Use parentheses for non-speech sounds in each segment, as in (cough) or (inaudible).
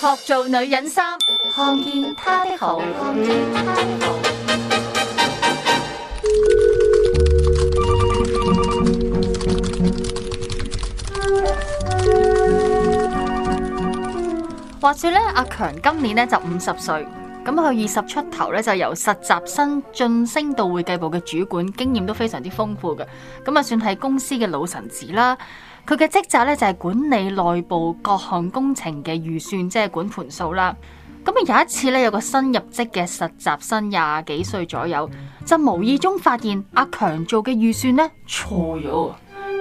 學做女人衫，看見她的好。話說咧，阿、啊、強今年咧就五十歲，咁佢二十出頭咧就由實習生晉升到會計部嘅主管，經驗都非常之豐富嘅，咁啊算係公司嘅老臣子啦。佢嘅職責咧就係管理內部各項工程嘅預算，即係管盤數啦。咁啊有一次咧，有個新入職嘅實習生廿幾歲左右，就無意中發現阿強做嘅預算咧錯咗，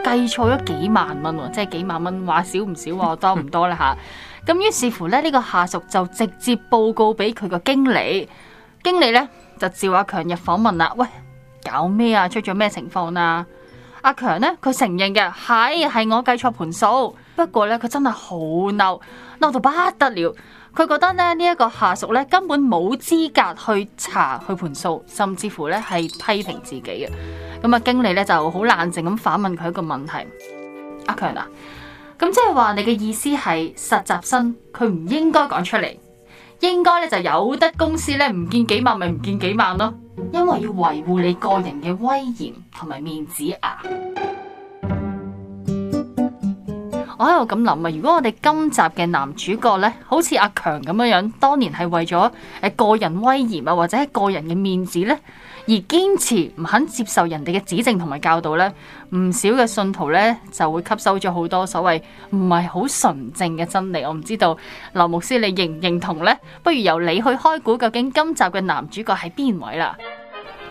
計錯咗幾萬蚊，即係幾萬蚊，話少唔少，話多唔多咧吓。咁於 (laughs) 是乎咧，呢個下屬就直接報告俾佢個經理。經理咧就召阿強入訪問啦，喂，搞咩啊？出咗咩情況啊？阿強咧，佢承認嘅係，係我計錯盤數，不過咧佢真係好嬲，嬲到不得了。佢覺得咧呢一個下屬咧根本冇資格去查去盤數，甚至乎咧係批評自己嘅。咁啊經理咧就好冷靜咁反問佢一個問題：阿強啊，咁即係話你嘅意思係實習生佢唔應該講出嚟？應該咧就有得公司咧唔見幾萬咪唔見幾萬咯，因為要維護你個人嘅威嚴同埋面子啊！ (music) 我喺度咁諗啊，如果我哋今集嘅男主角咧，好似阿強咁樣樣，當年係為咗誒個人威嚴啊，或者係個人嘅面子咧，而堅持唔肯接受人哋嘅指正同埋教導呢，唔少嘅信徒呢就會吸收咗好多所謂唔係好純正嘅真理。我唔知道，劉牧師你認唔認同呢？不如由你去開估，究竟今集嘅男主角係邊位啦？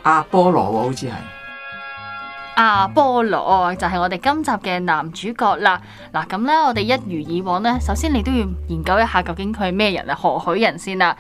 阿波羅，我好似係阿波羅，就係我哋今集嘅男主角啦。嗱咁呢，我哋一如以往呢，首先你都要研究一下，究竟佢係咩人啊？何許人先啦？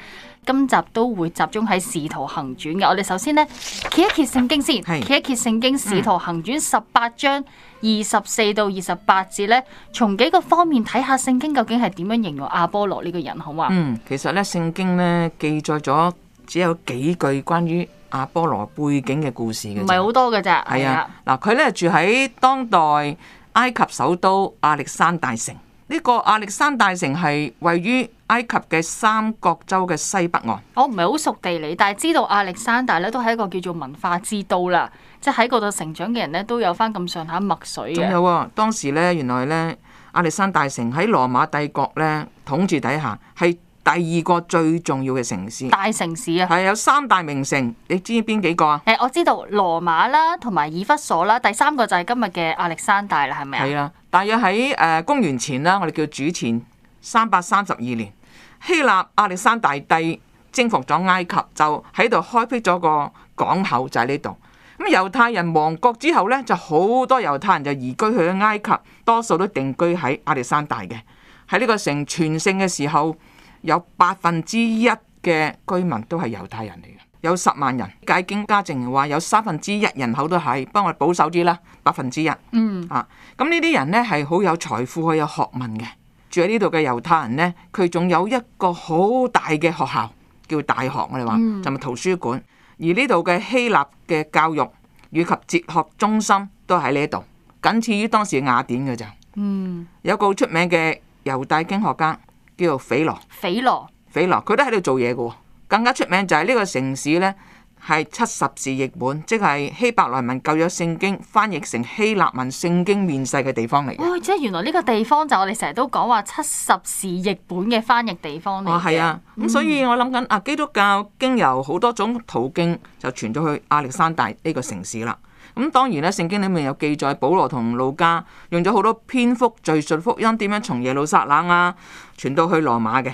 今集都會集中喺《使徒行傳》嘅，我哋首先呢，揭一揭聖經先，是揭一揭聖經《使徒行傳》十八章二十四到二十八節呢，從幾個方面睇下聖經究竟係點樣形容阿波羅呢個人，好嘛？嗯，其實呢，聖經呢記載咗只有幾句關於阿波羅背景嘅故事嘅，唔係好多嘅咋？係啊，嗱、啊，佢、嗯、呢住喺當代埃及首都亞歷山大城，呢、這個亞歷山大城係位於。埃及嘅三角洲嘅西北岸。我唔係好熟地理，但係知道亞歷山大咧都係一個叫做文化之都啦，即係喺嗰度成長嘅人咧都有翻咁上下墨水。仲有、啊、當時咧，原來咧亞歷山大城喺羅馬帝國咧統治底下係第二個最重要嘅城市。大城市啊，係有三大名城，你知邊幾個啊？誒、欸，我知道羅馬啦，同埋以弗所啦，第三個就係今日嘅亞歷山大啦，係咪啊？係啊，大約喺誒公元前啦，我哋叫主前三百三十二年。希臘亞歷山大帝征服咗埃及，就喺度開闢咗個港口就喺呢度。咁猶太人亡國之後呢，就好多猶太人就移居去埃及，多數都定居喺亞歷山大嘅。喺呢個城全盛嘅時候，有百分之一嘅居民都係猶太人嚟嘅，有十萬人。解經家淨話有三分之一人口都係，幫我哋保守啲啦，百分之一。嗯啊，咁呢啲人呢，係好有財富，好有學問嘅。住在呢度嘅猶太人呢，佢仲有一個好大嘅學校，叫大學，我哋話就咪係圖書館。嗯，而呢度嘅希臘嘅教育以及哲學中心都喺呢度，僅次於當時雅典嘅咋。嗯，有個好出名嘅猶大經學家叫做斐羅。斐羅，斐羅，佢都喺度做嘢㗎喎。更加出名就係呢個城市呢，係七十士譯本，即係希伯來文舊約聖經翻譯成希臘文聖經面世嘅地方嚟嘅。即係原來呢個地方就我哋成日都講話七十士譯本嘅翻譯地方嚟哦，係啊。咁所以我諗緊啊，嗯、基督教經由好多種途徑就傳到去亞歷山大呢個城市啦。咁當然咧，聖經裏面有記載保羅同路加用咗好多篇幅敘述福音點樣從耶路撒冷啊傳到去羅馬嘅，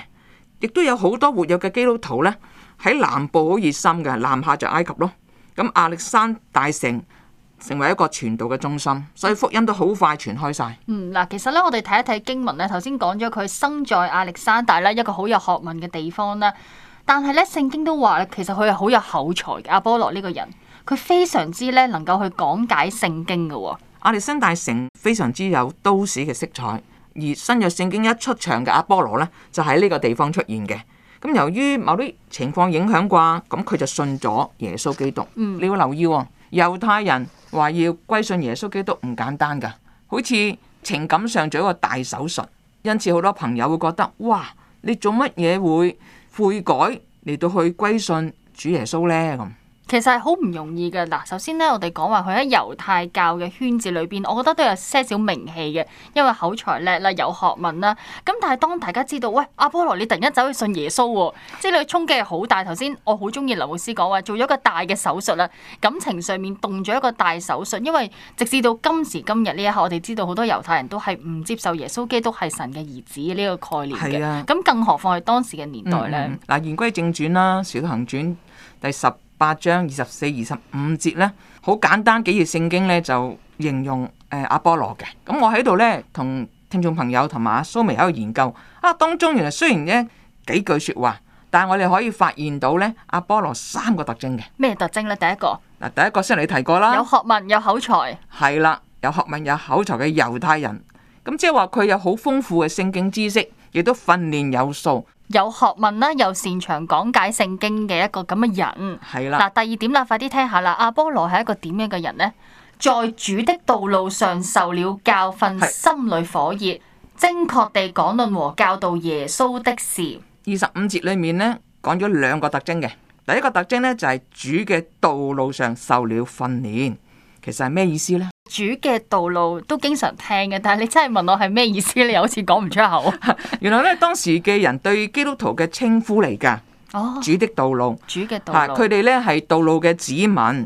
亦都有好多活躍嘅基督徒呢。喺南部好熱心嘅，南下就埃及咯。咁亞歷山大城成為一個傳道嘅中心，所以福音都好快傳開晒。嗯，嗱，其實咧，我哋睇一睇經文咧，頭先講咗佢生在亞歷山大咧一個好有學問嘅地方啦。但係咧聖經都話其實佢係好有口才嘅阿波羅呢個人，佢非常之咧能夠去講解聖經嘅哦。亞歷山大城非常之有都市嘅色彩，而新約聖經一出場嘅阿波羅咧就喺呢個地方出現嘅。咁由於某啲情況影響啩，咁佢就信咗耶穌基督。嗯、你要留意喎、哦，猶太人話要歸信耶穌基督唔簡單噶，好似情感上做一個大手術，因此好多朋友會覺得，哇！你做乜嘢會悔改嚟到去歸信主耶穌呢？」咁？其實係好唔容易嘅嗱，首先咧，我哋講話佢喺猶太教嘅圈子裏邊，我覺得都有些少名氣嘅，因為口才叻啦，有學問啦。咁但係當大家知道，喂，阿波羅，你突然間走去信耶穌喎，即係你嘅衝擊係好大。頭先我好中意劉老師講話，做咗一個大嘅手術啦，感情上面動咗一個大手術，因為直至到今時今日呢一刻，我哋知道好多猶太人都係唔接受耶穌基督係神嘅兒子呢個概念嘅。咁，啊，更何況係當時嘅年代呢？嗱，嗯，言歸正傳啦，《小行傳》第十八章二十四二十五節呢，好簡單幾頁聖經呢，就形容誒阿波羅嘅。咁、嗯、我喺度呢，同聽眾朋友同埋阿蘇眉喺度研究啊，當中原來雖然呢幾句説話，但係我哋可以發現到呢，阿波羅三個特徵嘅。咩特徵呢？第一個嗱，第一個先你提過啦，有學問有口才係啦，有學問有口才嘅猶太人，咁即係話佢有好豐富嘅聖經知識。亦都訓練有素，有學問啦、啊，又擅長講解聖經嘅一個咁嘅人係啦。嗱的、啊，第二點啦，快啲聽下啦。阿波羅係一個點樣嘅人呢？在主的道路上受了教訓，的心裏火熱，精確地講論和教導耶穌的事。二十五節裏面呢，講咗兩個特徵嘅，第一個特徵呢，就係、是、主嘅道路上受了訓練。其實係咩意思呢？主嘅道路都經常聽嘅，但係你真係問我係咩意思，你好似講唔出口。 (laughs) (laughs) 原來咧，當時嘅人對基督徒嘅稱呼嚟噶，哦、主的道路，主嘅道路，佢哋咧係道路嘅子民，而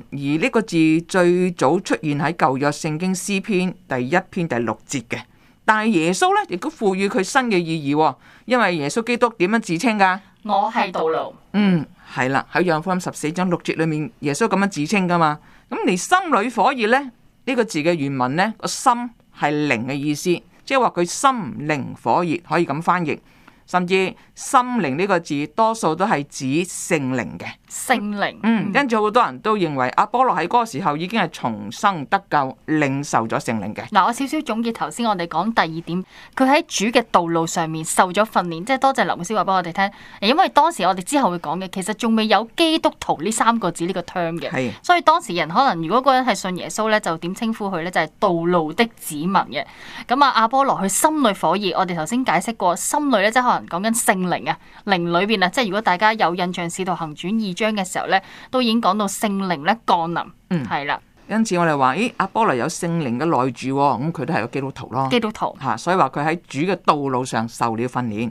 呢個字最早出現喺舊約聖經詩篇第一篇第六節嘅，但係耶穌咧亦都賦予佢新嘅意義、哦，因為耶穌基督點樣自稱噶？我係道路。嗯，係啦，喺《約翰福音》十四章六節裏面，耶穌咁樣自稱噶嘛。咁你「心裏火熱」呢，呢個字嘅原文呢，個心係靈嘅意思，即係話佢心靈火熱，可以咁翻譯。甚至心靈呢個字，多數都係指聖靈嘅。聖靈，聖靈嗯，跟住好多人都認為阿波羅喺嗰個時候已經係重生得救，領受咗聖靈嘅。嗱，我少少總結頭先我哋講第二點，佢喺主嘅道路上面受咗訓練，即係多謝劉牧師話俾我哋聽。因為當時我哋之後會講嘅，其實仲未有基督徒呢三個字呢個 term 嘅，是所以當時人可能如果個人係信耶穌呢，就點稱呼佢呢？就係、是、道路的子民嘅。咁啊，阿波羅佢心裏火熱，我哋頭先解釋過，心裏咧即係可能講緊聖靈啊，靈裏邊啊，即係如果大家有印象《使徒行傳》二。章嘅時候呢，都已經講到聖靈咧降臨，嗯，係啦。因此我哋話，咦，阿波羅有聖靈嘅內住，哦，咁佢都係個基督徒咯，基督徒吓，啊，所以話佢喺主嘅道路上受了訓練。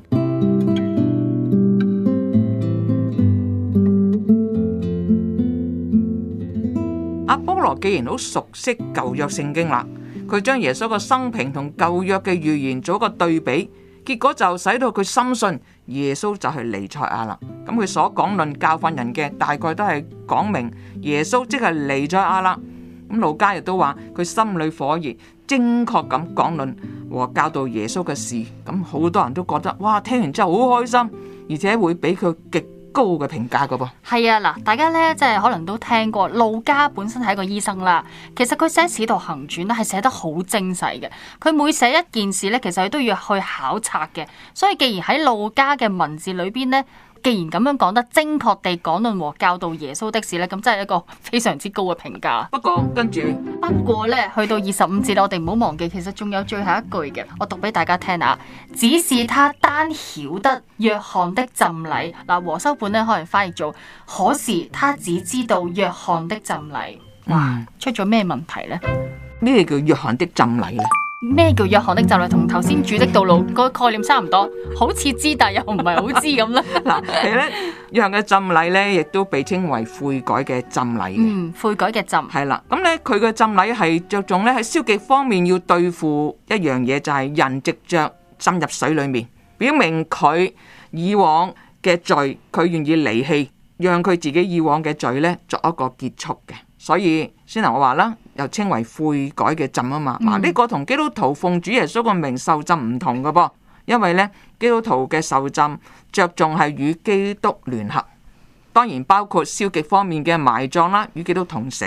阿波羅既然好熟悉舊約聖經啦，佢將耶穌嘅生平同舊約嘅預言做一個對比。結果就使到佢深信耶穌就係彌賽亞啦，咁佢所講論教訓人嘅大概都係講明耶穌即係彌賽亞啦，咁路加亦都話佢心裏火熱，精確咁講論和教導耶穌嘅事，咁好多人都覺得哇，聽完之後好開心，而且會俾佢極。高嘅評價嘅噃，係啊，嗱，大家咧即係可能都聽過，路加本身係一個醫生啦。其實佢寫使徒行傳咧，係寫得好精細嘅，佢每寫一件事咧，其實佢都要去考察嘅。所以既然喺路加嘅文字裏邊咧。既然咁樣講得精確地講論和教導耶穌的事咧，咁真係一個非常之高嘅評價。不過跟住，不過咧去到二十五節，我哋唔好忘記，其實仲有最後一句嘅，我讀俾大家聽啊。只是他單曉得約翰的浸禮，嗱，和修本咧可能翻譯做，可是他只知道約翰的浸禮。哇唉，出咗咩問題呢？咩叫約翰的浸禮咧？咩叫約翰的浸禮？同頭先主的道路個概念差唔多，好似知但又唔係好知咁啦。嗱， (laughs) (laughs) 其實約翰嘅浸禮咧，亦都被稱為悔改嘅浸禮。嗯，悔改嘅浸係啦。咁咧，佢嘅浸禮係着重咧，喺消極方面要對付一樣嘢，就係、是、人直着浸入水裏面，表明佢以往嘅罪，佢願意離棄，讓佢自己以往嘅罪咧作一個結束嘅。所以先頭我話啦，又稱為悔改嘅浸啊嘛，嗱呢、嗯、個同基督徒奉主耶穌個名受浸唔同嘅噃，因為呢，基督徒嘅受浸着重係與基督聯合，當然包括消極方面嘅埋葬啦，與基督同死。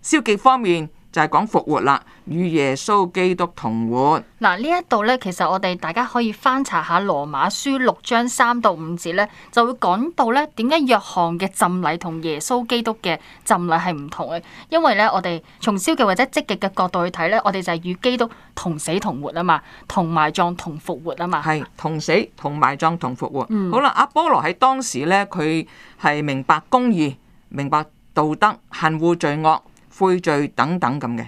消極方面。就係講復活啦，與耶穌基督同活。嗱，呢一度呢，其實我哋大家可以翻查下《羅馬書》六章三到五節呢，就會講到呢點解約翰嘅浸禮同耶穌基督嘅浸禮係唔同嘅。因為呢，我哋從消極或者積極嘅角度去睇呢，我哋就係與基督同死同活啊嘛，同埋葬同復活啊嘛。係同死同埋葬同復活。嗯、好啦，阿波羅喺當時呢，佢係明白公義、明白道德、恨惡罪惡。悔罪等等咁嘅，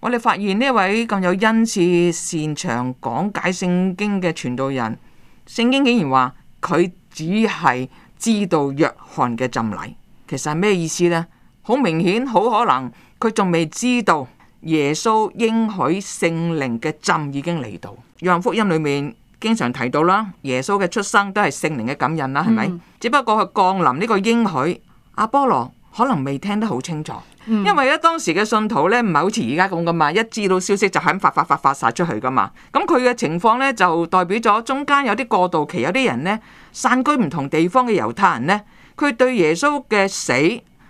我哋發現呢位咁有恩賜、擅長講解聖經嘅傳道人，聖經竟然話佢只係知道約翰嘅浸禮，其實係咩意思呢？好明顯，好可能佢仲未知道耶穌應許聖靈嘅浸已經嚟到。約翰福音裏面經常提到啦，耶穌嘅出生都係聖靈嘅感應啦，係咪？嗯、只不過佢降臨呢個應許阿波羅。可能未聽得好清楚，因為咧當時嘅信徒呢，唔係好似而家咁噶嘛，一知道消息就肯咁發發發發晒出去噶嘛。咁佢嘅情況呢，就代表咗中間有啲過渡期，有啲人呢，散居唔同地方嘅猶太人呢，佢對耶穌嘅死、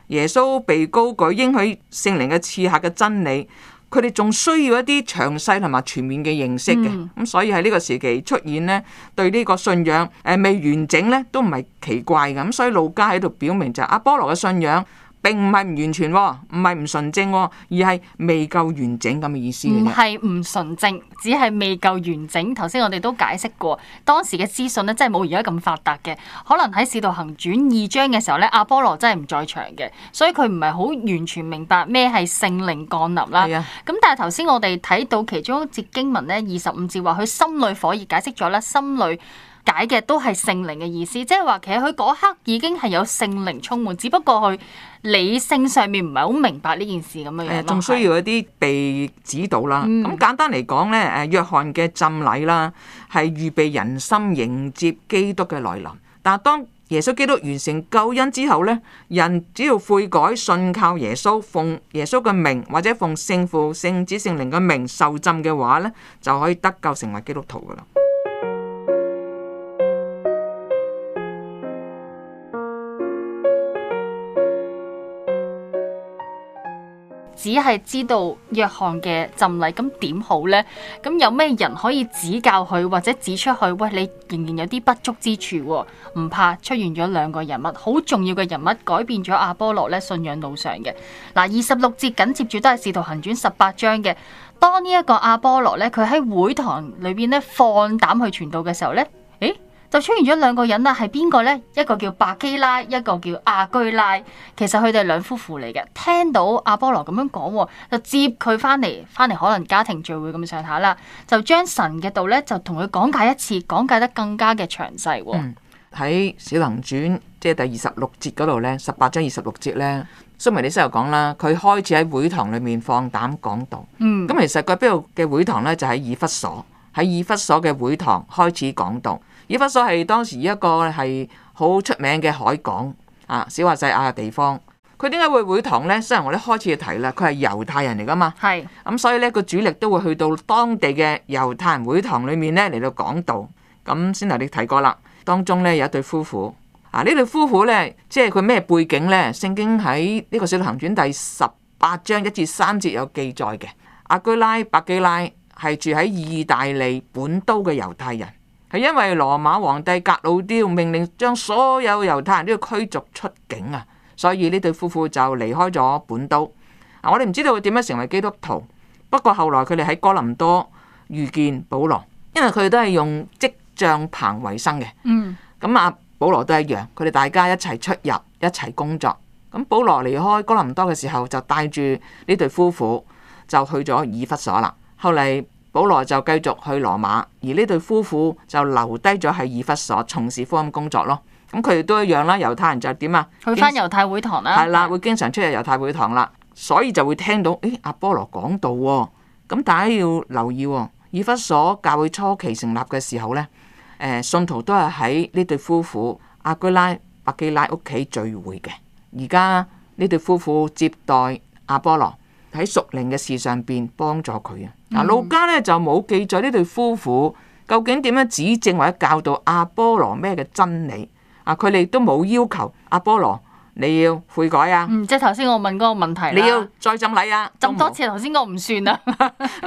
耶穌被高舉、應許聖靈嘅刺客嘅真理。佢哋仲需要一啲詳細同埋全面嘅認識嘅，咁所以喺呢個時期出現呢，對呢個信仰誒未完整呢，都唔係奇怪嘅，咁所以路加喺度表明就阿波羅嘅信仰。並唔係唔完全，唔係唔純正，而係未夠完整咁嘅意思。唔係唔純正，只係未夠完整。頭先我哋都解釋過，當時嘅資訊咧，真係冇而家咁發達嘅，可能喺《使徒行傳》二章嘅時候咧，阿波羅真係唔在場嘅，所以佢唔係好完全明白咩係聖靈降臨啦。咁的但係頭先我哋睇到其中一節經文咧，二十五節話佢心裏火熱，解釋咗啦，心裏。.解嘅都係聖靈嘅意思，即係話其實佢嗰刻已經係有聖靈充滿，只不過佢理性上面唔係好明白呢件事咁嘅樣，仲需要一啲被指導啦。咁、嗯、簡單嚟講呢，誒，約翰嘅浸禮啦，係預備人心迎接基督嘅來臨。但係當耶穌基督完成救恩之後呢，人只要悔改、信靠耶穌、奉耶穌嘅名或者奉聖父、聖子、聖靈嘅名受浸嘅話呢，就可以得救成為基督徒㗎喇。只係知道約翰嘅浸禮，咁點好呢？咁有咩人可以指教佢，或者指出去？喂，你仍然有啲不足之處、哦，唔怕出現咗兩個人物，好重要嘅人物改變咗阿波羅咧信仰路上嘅。嗱、啊，二十六節緊接住都係試圖行轉十八章嘅。當呢一個阿波羅咧，佢喺會堂裏邊咧放膽去傳道嘅時候咧。就出現咗兩個人啦，係邊個呢？一個叫百基拉，一個叫亞居拉。其實佢哋兩夫婦嚟嘅。聽到阿波羅咁樣講，就接佢翻嚟，翻嚟可能家庭聚會咁上下啦。就將神嘅道呢，就同佢講解一次，講解得更加嘅詳細。喺、嗯、小能傳即係第二十六節嗰度呢，十八章二十六節呢，蘇梅李西又講啦，佢開始喺會堂裏面放膽講道。嗯，咁其實佢喺邊度嘅會堂呢？就喺、是、以弗所，喺以弗所嘅會堂開始講道。以弗所係當時一個係好出名嘅海港啊，小亞細亞嘅地方。佢點解會會堂呢？雖然我哋開始就提啦，佢係猶太人嚟噶嘛。係咁是、嗯，所以呢，個主力都會去到當地嘅猶太人會堂裏面呢嚟到講道。咁先頭你睇過啦，當中呢有一對夫婦啊，呢對夫婦呢，即係佢咩背景呢？聖經喺呢個《使徒行傳第》第十八章一至三節有記載嘅，阿居拉、百基拉係住喺意大利本都嘅猶太人。係因為羅馬皇帝格魯丟命令將所有猶太人都要驅逐出境啊，所以呢對夫婦就離開咗本都。啊，我哋唔知道佢點樣成為基督徒，不過後來佢哋喺哥林多遇見保羅，因為佢哋都係用織帳棚為生嘅。嗯，咁啊，保羅都一樣，佢哋大家一齊出入，一齊工作。咁保羅離開哥林多嘅時候，就帶住呢對夫婦就去咗以弗所啦。後嚟。保羅就繼續去羅馬，而呢對夫婦就留低咗喺以弗所從事福音工作咯。咁佢哋都一樣啦，猶太人就點啊？去翻猶太會堂啦。係啦，會經常出入猶太會堂啦，所以就會聽到誒阿波羅講道哦。咁大家要留意哦，以弗所教會初期成立嘅時候呢，信徒都係喺呢對夫婦阿居拉、伯基拉屋企聚會嘅。而家呢對夫婦接待阿波羅，喺屬靈嘅事上邊幫助佢啊！嗱，路加咧就冇記載呢對夫婦究竟點樣指正或者教導阿波羅咩嘅真理啊！佢哋都冇要求阿波羅你要悔改啊！嗯，即係頭先我問嗰個問題啦。你要再浸禮啊，浸多次？頭先個唔算啦。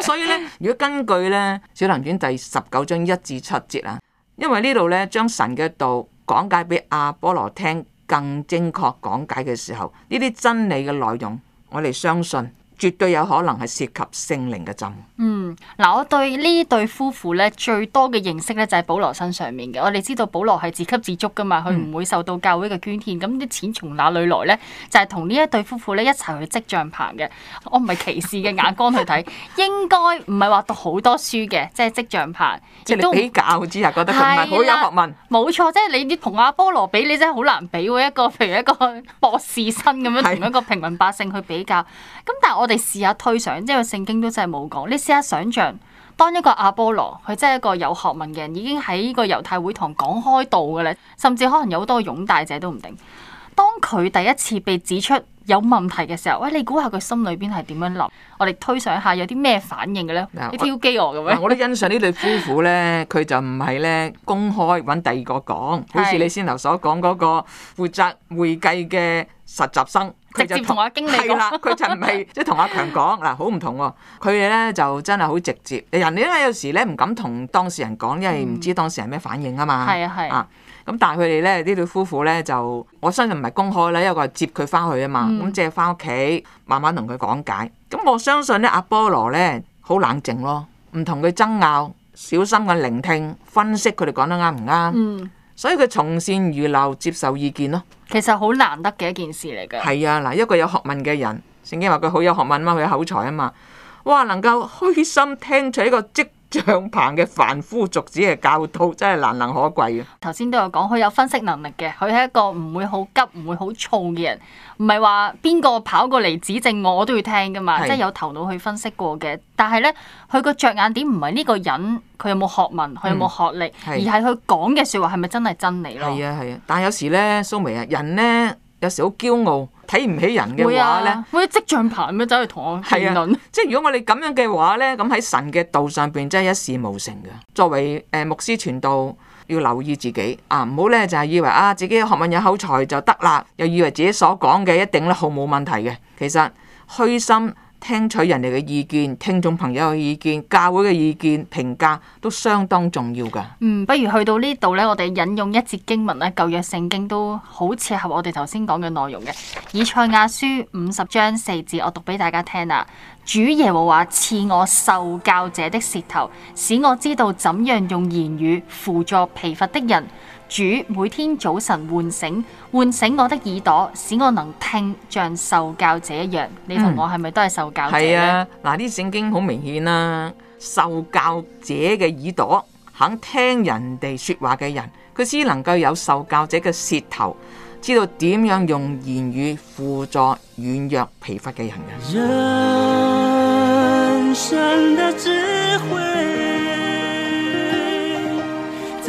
所以咧，如果根據咧《小林卷》第十九章一至七節啊，因為呢度咧將神嘅道講解俾阿波羅聽，更精確講解嘅時候，呢啲真理嘅內容，我哋相信。絕對有可能係涉及聖靈嘅針。嗯，嗱，我對呢對夫婦咧最多嘅認識咧就係保羅身上面嘅。我哋知道保羅係自給自足㗎嘛，佢唔會受到教會嘅捐獻，咁啲錢從哪裡來咧？就係同呢一對夫婦咧一齊去織帳棚嘅。我唔係歧視嘅眼光去睇，應該唔係話讀好多書嘅，即係織帳棚。即係比較之下，覺得佢唔係好有學問。冇錯，即係你同阿波羅比，你真係好難比喎。一個譬如一個博士生咁樣，同一個平民百姓去比較。咁但係我。你試下推想，因為聖經都真係冇講，你試下想象，當一個阿波羅，佢真係一個有學問嘅人，已經喺呢個猶太會堂講開道嘅咧，甚至可能有好多擁戴者都唔定，當佢第一次被指出，有問題嘅時候，喂，你估下佢心裏邊係點樣諗？我哋推想下，有啲咩反應嘅咧？啊、你挑機我嘅咩？我都欣賞呢對夫婦咧，佢 (laughs) 就唔係咧公開搵第二個講，好似 (laughs) 你先頭所講嗰個負責會計嘅實習生，直接同我經理講，佢、 (laughs) 啊、就唔係即係同阿強講，嗱，好唔同喎。佢哋咧就真係好直接，人哋咧有時咧唔敢同當事人講，因為唔知當事人咩反應啊嘛。係、嗯、 (laughs) 啊，係。 (laughs) 咁但係佢哋咧呢對夫婦咧就我相信唔係公開啦，一個接佢翻去啊嘛，咁淨係翻屋企慢慢同佢講解。咁我相信咧阿波羅咧好冷靜咯，唔同佢爭拗，小心嘅聆聽分析佢哋講得啱唔啱。嗯、所以佢從善如流接受意見咯。其實好難得嘅一件事嚟嘅，係啊，嗱一個有學問嘅人，聖經話佢好有學問啊嘛，佢有口才啊嘛，哇能夠虛心聽取一個職。張鵬嘅凡夫俗子嘅教導真係難能可貴嘅。頭先都有講，佢有分析能力嘅，佢係一個唔會好急、唔會好躁嘅人，唔係話邊個跑過嚟，指正我，我都要聽噶嘛，即係是有頭腦去分析過嘅。但係呢，佢個着眼點唔係呢個人，佢有冇學問，佢、嗯、有冇學歷，是而係佢講嘅說話係咪真係真理咯？係啊係啊，啊，但係有時呢，蘇眉啊，人呢。有時好驕傲，睇唔起人嘅話咧，會即上爬咁樣走去同我辯論，啊。即係如果我哋咁樣嘅話呢，咁喺神嘅道上邊真係一事無成嘅。作為誒牧師傳道，要留意自己啊，唔好呢就係、是、以為啊自己學問有口才就得啦，又以為自己所講嘅一定咧毫冇問題嘅。其實虛心。聽取人哋嘅意見、聽眾朋友嘅意見、教會嘅意見、評價都相當重要㗎。嗯，不如去到呢度呢，我哋引用一節經文咧，舊約聖經都好切合我哋頭先講嘅內容嘅。以賽亞書五十章四節，我讀俾大家聽啦。主耶和華賜我受教者的舌頭，使我知道怎樣用言語扶助疲乏的人。主每天早晨喚醒，喚醒我的耳朵，使我能聽，像受教者一樣。你同我係咪都係受教者？嗯，係啊，嗱，啲聖經好明顯啦，啊，受教者嘅耳朵肯聽人哋說話嘅人，佢先能夠有受教者嘅舌頭，知道點樣用言語輔助軟弱疲乏嘅人嘅。人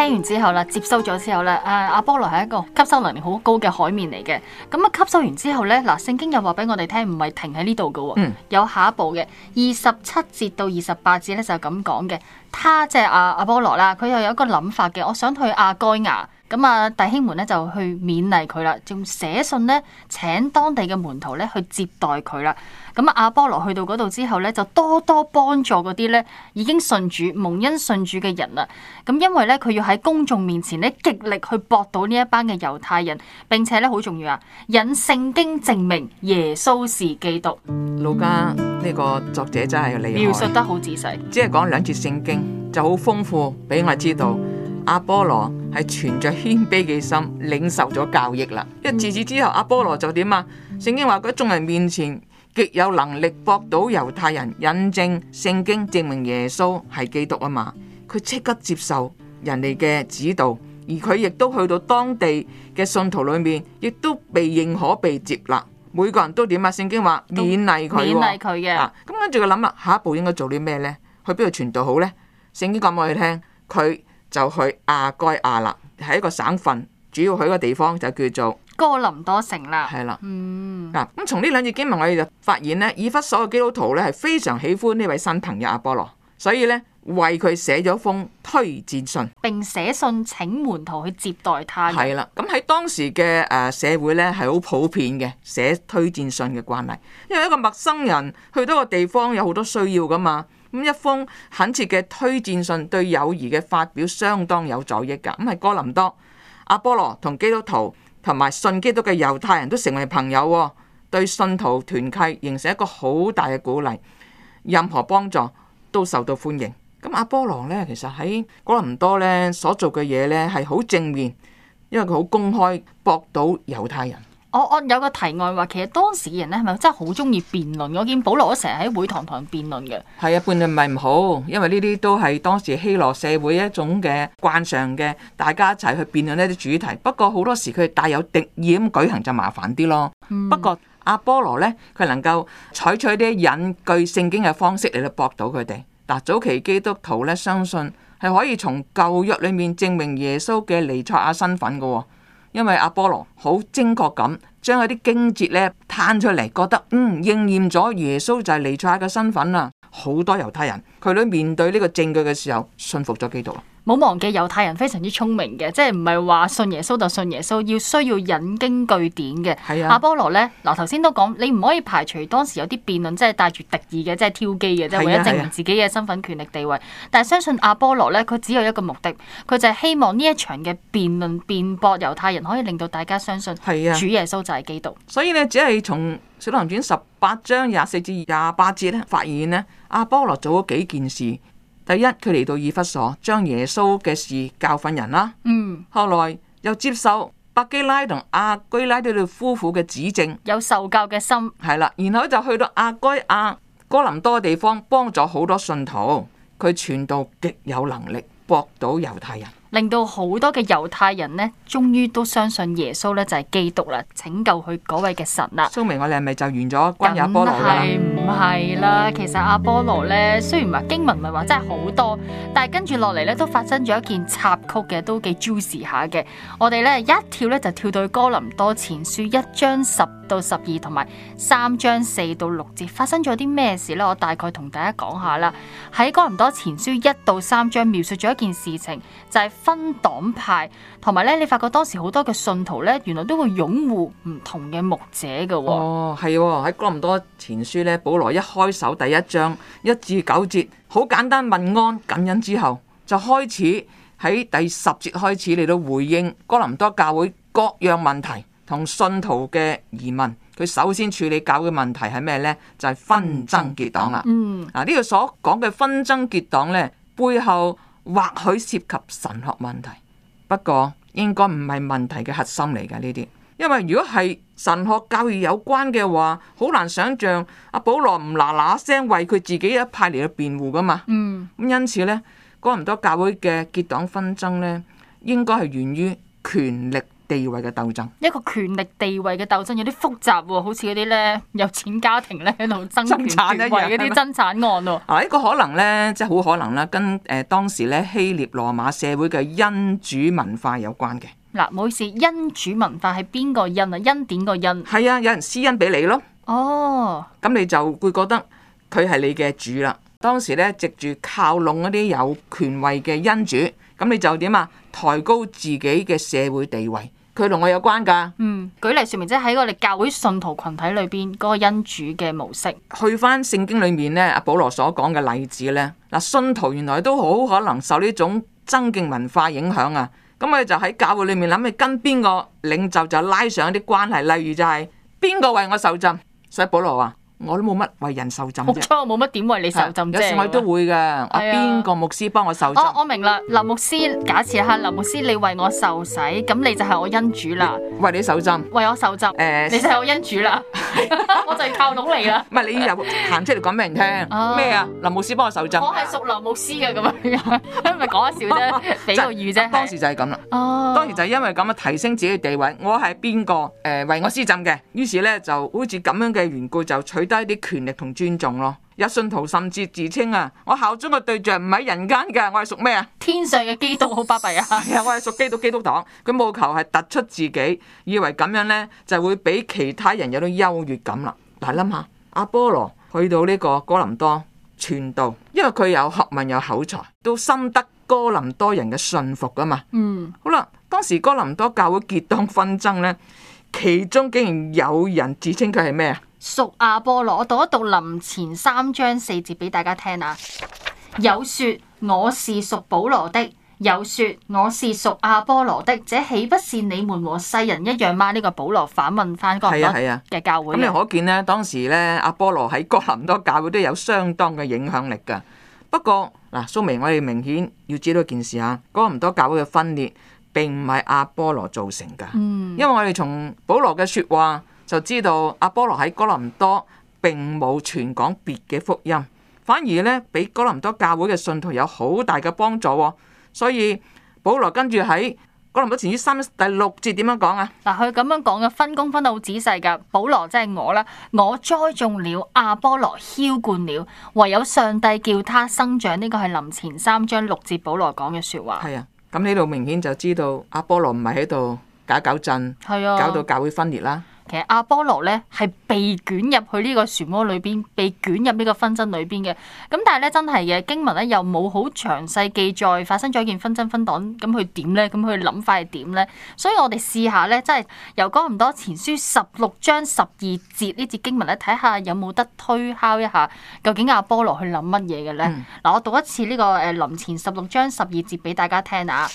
聽完之後啦，接收咗之後啦，啊，阿阿波羅係一個吸收能力好高嘅海綿嚟嘅，咁啊吸收完之後咧，嗱聖經又話俾我哋聽，唔係停喺呢度㗎喎，嗯，有下一步嘅二十七節到二十八節咧就係咁講嘅，他即係阿阿波羅啦，佢又有一個諗法嘅，我想去亞該亞。咁啊，弟兄們咧就去勉勵佢啦，仲寫信呢，請當地嘅門徒咧去接待佢啦。咁阿波羅去到嗰度之後咧，就多多幫助嗰啲咧已經信主、蒙恩信主嘅人啦。咁因為咧佢要喺公眾面前咧極力去駁倒呢一班嘅猶太人，並且咧好重要啊，引聖經證明耶穌是基督。路加呢個作者真係厲害，描述得好仔細，只係講兩節聖經就好豐富俾我哋知道。阿波羅係存着謙卑嘅心，領受咗教益啦。一自此之後，阿波羅就點啊？聖經話佢喺眾人面前極有能力博到猶太人引證聖經，證明耶穌係基督啊嘛。佢即刻接受人哋嘅指導，而佢亦都去到當地嘅信徒裏面，亦都被認可被接納。每個人都點啊？聖經話勉勵佢，勉勵佢嘅。咁跟住佢諗啦，「下一步應該做啲咩呢？去邊度傳道好呢？」聖經講俾佢聽，佢。就去亞該亞啦，係一個省份，主要去個地方就叫做哥林多城啦。係啦的，嗱、嗯，咁從呢兩節經文，我哋就發現呢，以弗所嘅基督徒呢係非常喜歡呢位新朋友阿波羅，所以呢，為佢寫咗封推薦信，並寫信請門徒去接待他。係啦，咁喺當時嘅誒社會呢係好普遍嘅寫推薦信嘅慣例，因為一個陌生人去到個地方有好多需要噶嘛。咁一封懇切嘅推薦信對友誼嘅發表相當有助益㗎。咁係哥林多，阿波羅同基督徒同埋信基督嘅猶太人都成為朋友，哦，對信徒團契形成一個好大嘅鼓勵。任何幫助都受到歡迎。咁阿波羅呢，其實喺哥林多呢所做嘅嘢呢係好正面，因為佢好公開駁倒猶太人。我我有個題外話，其實當時人咧，係咪真係好中意辯論？我見保羅成日喺會堂堂辯論嘅。係啊，辯論唔係唔好，因為呢啲都係當時希羅社會一種嘅慣常嘅，大家一齊去辯論呢啲主題。不過好多時佢帶有敵意咁舉行就麻煩啲咯。嗯、不過阿波羅呢，佢能夠採取啲引據聖經嘅方式嚟到駁到佢哋。嗱，早期基督徒呢，相信係可以從舊約裏面證明耶穌嘅彌賽亞身份嘅。因為阿波羅好精確咁將佢啲經節咧攤出嚟，覺得嗯應驗咗耶穌就係彌賽亞嘅身份啦，好多猶太人佢哋面對呢個證據嘅時候信服咗基督。好忘記猶太人非常之聰明嘅，即係唔係話信耶穌就信耶穌，要需要引經據典嘅。啊、阿波羅呢，嗱頭先都講，你唔可以排除當時有啲辯論，即係帶住敵意嘅，即、就、係、是、挑機嘅，即係、啊、為咗證明自己嘅身份、權力、地位。啊啊、但係相信阿波羅呢，佢只有一個目的，佢就係希望呢一場嘅辯論辯駁猶太人，可以令到大家相信主耶穌就係基督。啊、所以呢，只係從《小龍傳》十八章廿四至廿八節咧，發現呢，阿波羅做咗幾件事。第一，佢嚟到以弗所，將耶穌嘅事教訓人啦。嗯，後來又接受百基拉同亞居拉對對夫婦嘅指正，有受教嘅心。係啦，然後就去到阿居亞哥林多嘅地方，幫咗好多信徒。佢傳道極有能力，駁倒猶太人。令到好多嘅猶太人呢，終於都相信耶穌咧就係、是、基督啦，拯救佢嗰位嘅神啦。蘇明，我哋係咪就完咗關於阿波羅啦？唔係唔係啦，其實阿波羅咧，雖然話經文咪話真係好多，但係跟住落嚟咧都發生咗一件插曲嘅，都幾 juicy 下嘅。我哋咧一跳咧就跳到哥林多前書一章十。到十二同埋三章四到六節發生咗啲咩事呢？我大概同大家講下啦。喺哥林多前書一到三章描述咗一件事情，就係分黨派，同埋呢，你發覺當時好多嘅信徒呢，原來都會擁護唔同嘅牧者嘅。哦，係喎。喺哥林多前書呢，保羅一開首第一章一至九節，好簡單問安感恩之後，就開始喺第十節開始嚟到回應哥林多教會各樣問題。同信徒嘅疑問，佢首先處理教會問題係咩呢？就係、是、紛爭結黨啦。嗱、嗯，呢個所講嘅紛爭結黨呢，背後或許涉及神學問題，不過應該唔係問題嘅核心嚟嘅呢啲。因為如果係神學教義有關嘅話，好難想像阿保羅唔嗱嗱聲為佢自己一派嚟去辯護噶嘛。咁、嗯、因此呢，講唔多教會嘅結黨紛爭呢，應該係源於權力。地位嘅鬥爭，一個權力地位嘅鬥爭，有啲複雜喎，好似嗰啲呢，有錢家庭呢喺度爭權奪位嗰啲爭產案喎。呢個可能呢，即係好可能啦，跟誒當時呢，希臘羅馬社會嘅恩主文化有關嘅。嗱，唔好意思，恩主文化係邊個恩啊？恩點個恩？係啊，有人施恩俾你咯。哦，咁你就會覺得佢係你嘅主啦。當時呢，藉住靠攏嗰啲有權位嘅恩主，咁你就點啊？抬高自己嘅社會地位。佢同我有關㗎。嗯，舉例説明，即係喺我哋教會信徒群體裏邊嗰個恩主嘅模式。去翻聖經裏面呢，阿保羅所講嘅例子呢，嗱，信徒原來都好可能受呢種增勁文化影響啊。咁佢就喺教會裏面諗起，跟邊個領袖就拉上一啲關係。例如就係邊個為我受浸，所以保羅話。我都冇乜為人受浸啫，冇錯，冇乜點為你受浸啫。有時我都會嘅，阿邊個牧師幫我受浸？我明啦，林牧師，假設下，林牧師，你為我受洗，咁你就係我恩主啦。為你受浸，為我受浸，誒，你就係我恩主啦，我就要靠到你啦。唔係，你又行出嚟講俾人聽咩啊？林牧師幫我受浸，我係屬林牧師嘅咁樣，因咪講一笑啫，俾個喻啫。當時就係咁啦，當時就係因為咁樣，提升自己嘅地位，我係邊個誒為我施浸嘅？於是咧就好似咁樣嘅緣故就取低啲權力同尊重咯，有信徒甚至自稱啊，我效忠嘅對象唔係人間嘅，我係屬咩啊？天上嘅基督好巴閉啊！ (laughs) 我係屬基督基督黨，佢務求係突出自己，以為咁樣呢就會俾其他人有啲優越感啦。大家諗下，阿波羅去到呢個哥林多傳道，因為佢有學問有口才，都深得哥林多人嘅信服啊嘛。嗯，好啦，當時哥林多教會結黨紛爭呢，其中竟然有人自稱佢係咩啊？屬阿波羅，我讀一讀林前三章四節俾大家聽啊。有說我是屬保羅的，有說我是屬阿波羅的，這豈不是你們和世人一樣嗎？呢、這個保羅反問翻哥林多嘅教會。咁、啊啊、你可見呢，當時咧，阿波羅喺哥林多教會都有相當嘅影響力噶。不過嗱，蘇、啊、明，我哋明顯要知道一件事啊，哥林多教會嘅分裂並唔係阿波羅造成噶，嗯、因為我哋從保羅嘅說話。就知道阿波羅喺哥林多並冇傳講別嘅福音，反而呢，俾哥林多教會嘅信徒有好大嘅幫助喎、哦。所以保羅跟住喺哥林多前書三第六節點樣講啊？嗱，佢咁樣講嘅分工分得好仔細㗎。保羅即係我啦，我栽種了，阿波羅澆灌了，唯有上帝叫他生長。呢、這個係林前三章六節保羅講嘅説話。係啊，咁呢度明顯就知道阿波羅唔係喺度搞搞震，啊、搞到教會分裂啦。其實阿波羅咧係被捲入去呢個漩渦裏邊，被捲入呢個紛爭裏邊嘅。咁但係咧真係嘅經文咧又冇好詳細記載發生咗一件紛爭分黨，咁佢點咧？咁佢諗法係點咧？所以我哋試下咧，真係由哥林多前書十六章十二節呢節經文咧，睇下有冇得推敲一下，究竟阿波羅去諗乜嘢嘅咧？嗱、嗯，我讀一次呢個誒林前十六章十二節俾大家聽啊。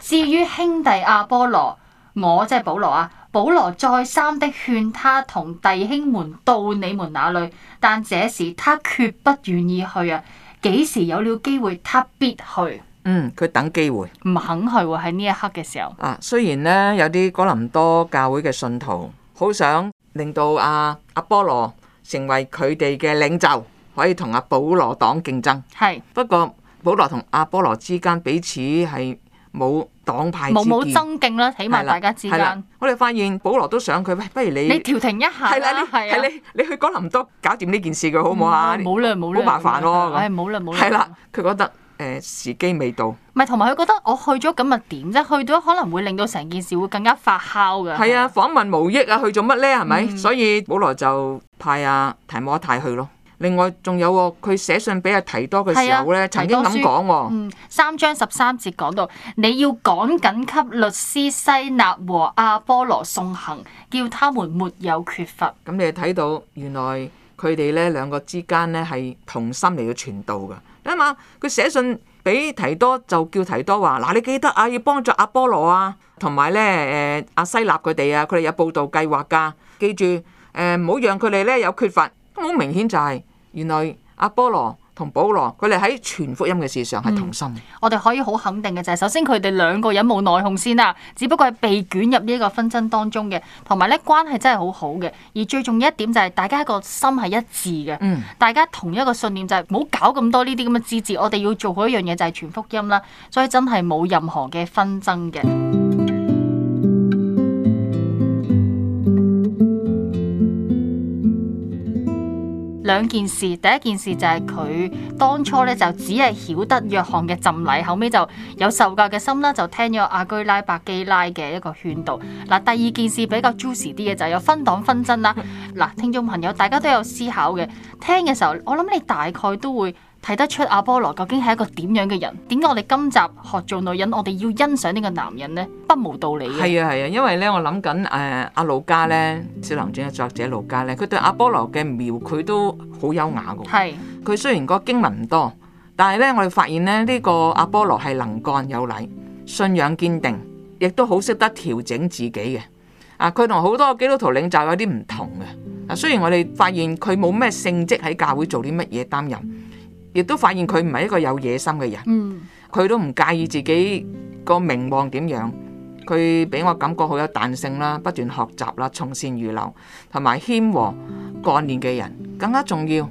至於兄弟阿波羅。我即係保羅啊，保羅再三的勸他同弟兄們到你們那裡，但這時他決不願意去啊，幾時有了機會，他必去。嗯，佢等機會，唔肯去喎。喺呢一刻嘅時候，啊，雖然呢，有啲哥林多教會嘅信徒好想令到阿、啊、阿、啊、波羅成為佢哋嘅領袖，可以同阿、啊、保羅黨競爭。係是，不過保羅同阿波羅之間彼此係冇。黨派之間冇冇增勁啦，起碼大家知。間我哋發現，保羅都想佢喂，不如你你調停一下啦，係你你去哥林多搞掂呢件事佢好唔好啊？冇啦冇啦，好麻煩咯。係冇啦冇啦，係啦，佢覺得誒時機未到，咪同埋佢覺得我去咗咁咪點啫？去咗可能會令到成件事會更加發酵嘅。係啊，訪問無益啊，去做乜咧？係咪？所以保羅就派阿提摩太去咯。另外仲有喎，佢寫信俾阿提多嘅時候咧、啊，曾經咁講喎，三章十三節講到你要趕緊給律師西納和阿波羅送行，叫他們沒有缺乏。咁你睇到原來佢哋咧兩個之間咧係同心嚟嘅傳道㗎，啊嘛，佢寫信俾提多就叫提多話嗱，你記得啊要幫助阿波羅啊，同埋咧誒阿西納佢哋啊，佢哋有報道計劃㗎，記住誒唔好讓佢哋咧有缺乏，好明顯就係、是，原來阿波羅同保羅佢哋喺全福音嘅事上係同心，嗯、我哋可以好肯定嘅就係，首先佢哋兩個人冇內訌先啦，只不過係被捲入呢個紛爭當中嘅，同埋咧關係真係好好嘅。而最重要一點就係，大家個心係一致嘅，嗯、大家同一個信念就係唔好搞咁多呢啲咁嘅枝節，我哋要做好一樣嘢，就係全福音啦。所以真係冇任何嘅紛爭嘅。兩件事，第一件事就係佢當初咧就只係曉得約翰嘅浸禮，後尾就有受教嘅心啦，就聽咗阿居拉、伯基拉嘅一個勸導。嗱，第二件事比較 juicy 啲嘅就係有分黨紛爭啦。嗱，聽眾朋友，大家都有思考嘅，聽嘅時候，我諗你大概都會。睇得出阿波羅究竟係一個點樣嘅人？點解我哋今集學做女人，我哋要欣賞呢個男人呢？不無道理嘅。係啊，係啊，因為、呃、呢，呢，的呢，我諗緊誒阿路加呢，《小林傳》嘅作者路加呢，佢對阿波羅嘅描繪都好優雅嘅。係佢雖然個經文唔多，但係呢，我哋發現呢，呢、這個阿波羅係能幹有禮，信仰堅定，亦都好識得調整自己嘅。啊，佢同好多基督徒領袖有啲唔同嘅。啊，雖然我哋發現佢冇咩聖職喺教會做啲乜嘢擔任。亦都發現佢唔係一個有野心嘅人，嗯，佢都唔介意自己個名望點樣，佢俾我感覺好有彈性啦，不斷學習啦，從善如流，同埋謙和幹練嘅人。更加重要，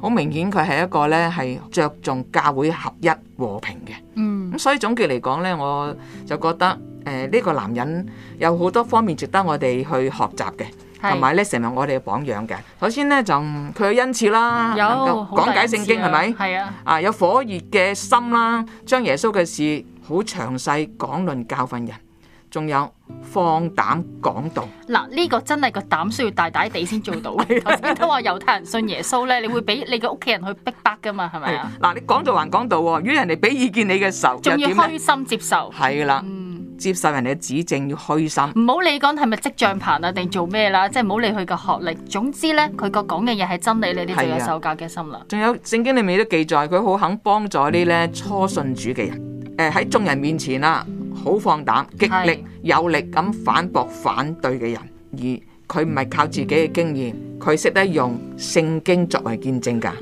好明顯佢係一個咧係着重教會合一和平嘅。嗯，咁所以總結嚟講咧，我就覺得誒呢個男人有好多方面值得我哋去學習嘅。同埋咧，成為我哋嘅榜樣嘅。首先咧，就佢有恩賜啦，能夠講解聖經，係咪？係啊。啊，有火熱嘅心啦，將耶穌嘅事好詳細講論教訓人，仲有放膽講道。嗱，呢、這個真係個膽需要大大地先做到。頭先 (laughs) 都話猶太人信耶穌咧，你會俾你嘅屋企人去逼迫㗎嘛？係咪啊？嗱，你講道還講道喎，啊，於人哋俾意見你嘅時候，仲要虛心接受。係啦、嗯。嗯接受人哋嘅指正要虛心，唔好理講係咪織帳棚啊，定做咩啦，即係唔好理佢嘅學歷。總之咧，佢個講嘅嘢係真理，你都要有受教嘅心啦。仲有聖經裏面都記載，佢好肯幫助啲咧初信主嘅人。誒，喺眾人面前啦，好放膽，極力有力咁反駁反對嘅人，而佢唔係靠自己嘅經驗，佢識得用聖經作為見證噶。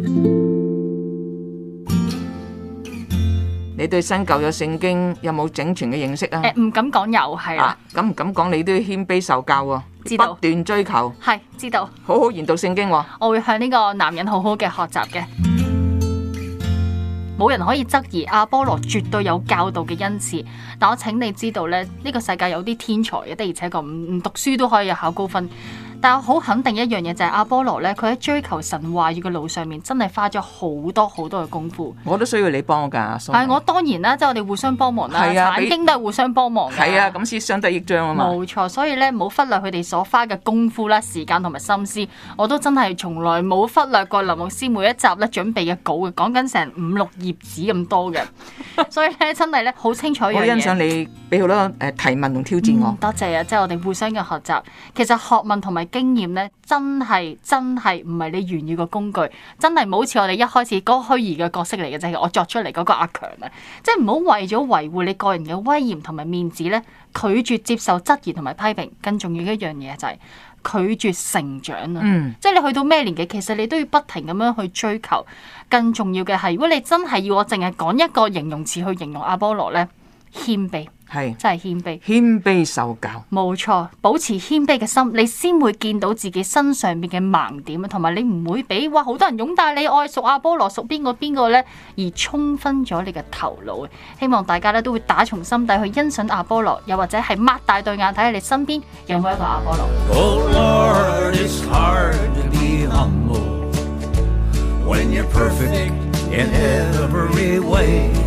你對新舊嘅聖經有冇整全嘅認識、欸、啊？誒，唔敢講有係啦。咁唔敢講，你都要謙卑受教啊道！知道。不斷追求，係知道。好好研讀聖經喎。我會向呢個男人好好嘅學習嘅。冇人可以質疑阿波羅絕對有教導嘅恩賜，但我請你知道咧，呢、這個世界有啲天才嘅，的而且確唔唔讀書都可以有考高分。但係好肯定一樣嘢，就係、是、阿波羅咧，佢喺追求神話語嘅路上面，真係花咗好多好多嘅功夫。我都需要你幫我㗎，阿蘇。係，我當然啦，即係我哋互相幫忙啦，反傾都係互相幫忙。係啊，咁先相、啊、相得益彰啊嘛。冇錯，所以咧冇忽略佢哋所花嘅功夫啦、時間同埋心思。我都真係從來冇忽略過林牧師每一集咧準備嘅稿嘅，講緊成五六頁紙咁多嘅。 (laughs) 所以咧真係咧好清楚一樣嘢。我欣賞你俾好多誒提問同挑戰我。嗯、多謝啊，即係我哋互相嘅學習。其實學問同埋經驗咧，真係真係唔係你炫耀嘅工具，真係唔好似我哋一開始嗰個虛擬嘅角色嚟嘅，就係我作出嚟嗰個阿強啊！即係唔好為咗維護你個人嘅威嚴同埋面子咧，拒絕接受質疑同埋批評。更重要嘅一樣嘢就係拒絕成長啊！Mm. 即係你去到咩年紀，其實你都要不停咁樣去追求。更重要嘅係，如果你真係要我淨係講一個形容詞去形容阿波羅咧，謙卑。係是真係謙卑，謙卑受教。冇錯，保持謙卑嘅心，你先會見到自己身上邊嘅盲點啊，同埋你唔會俾哇好多人擁戴你，我係屬阿波羅，屬邊個邊個呢，而沖昏咗你嘅頭腦。希望大家咧都會打從心底去欣賞阿波羅，又或者係擘大對眼睇下你身邊有冇一個阿波羅。Oh Lord,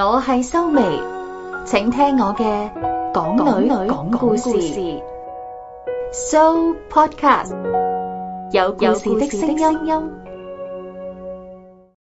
我係修眉，請聽我嘅港女，港女講故事，So Podcast 有故事的聲音。